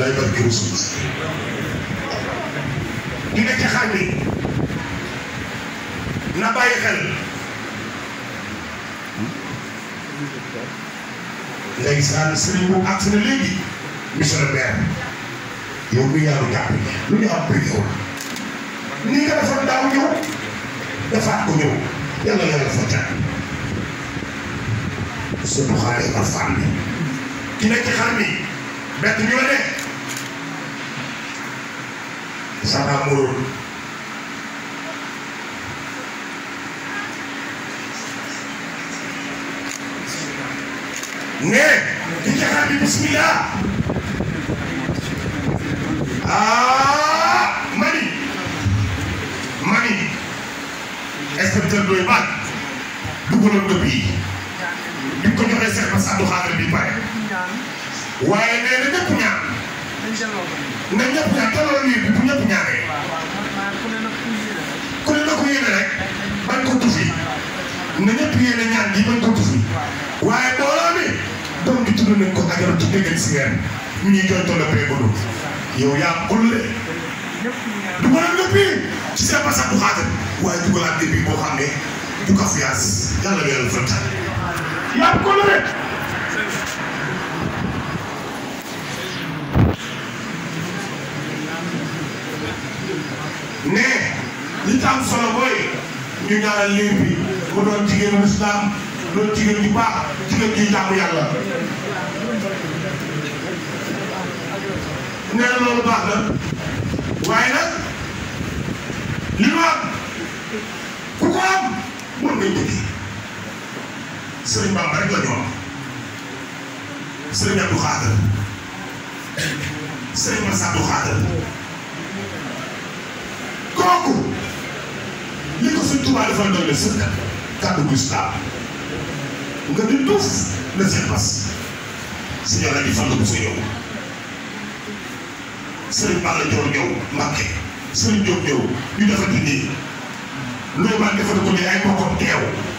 day bëri kii ruus ruus. ki nga jaxaan ni na bàyyi xel. léegi saa sëriñ bu àgg na léegi monsieur le maire yow mi yaaru jàpp lu ñu am prix yow la nii nga defoon defaat ko ñëw yàlla yàlla fa jar surtout xaar yi nga faam bi ki nekk ci mi bett sana murun ne bicara di bismillah ah mani mani inspecteur doy baat dugaloon nga bii di ko joxee service Abdou Khadre bi pare waaye nee na ñëpp ne ñëpp ña taloo lii bu ñëpp ñaanee. ku ne na ko yéene rek bañ ko tufi ne ñëpp yéene ñaan gi bañ ko tufi waaye mbooloo mi doom bi tudd nañ ko ajaratu déggal si weer mi ñuy joontoo la prégodo yow yaa xulle du ko def lépp ci seen basa du xaatal waaye dugalaat bi boo xam ne du ko fiyaas yàlla yàlla fanta yaa xulle ne li ci am solo mooy ñu ñaanal bi mu doon jigéenu islam doon jigéen ju baax jigéen ju jaamu yàlla. nee loolu baax na waaye nag li mu ku ko am mën nga jënd Serigne Bamba rek la ñu am Serigne Abdou Khadre Serigne Massa Abdou Khadre maa defal doy na sëkk kàddu gu islam nga di tuuf na seen bas si ñoo la di bu sa yow sëriñ Balla Joor ñëw Mbàkke sëriñ Joor ñëw ñu defal di nii loolu maa defal ko ne ay bokkam teew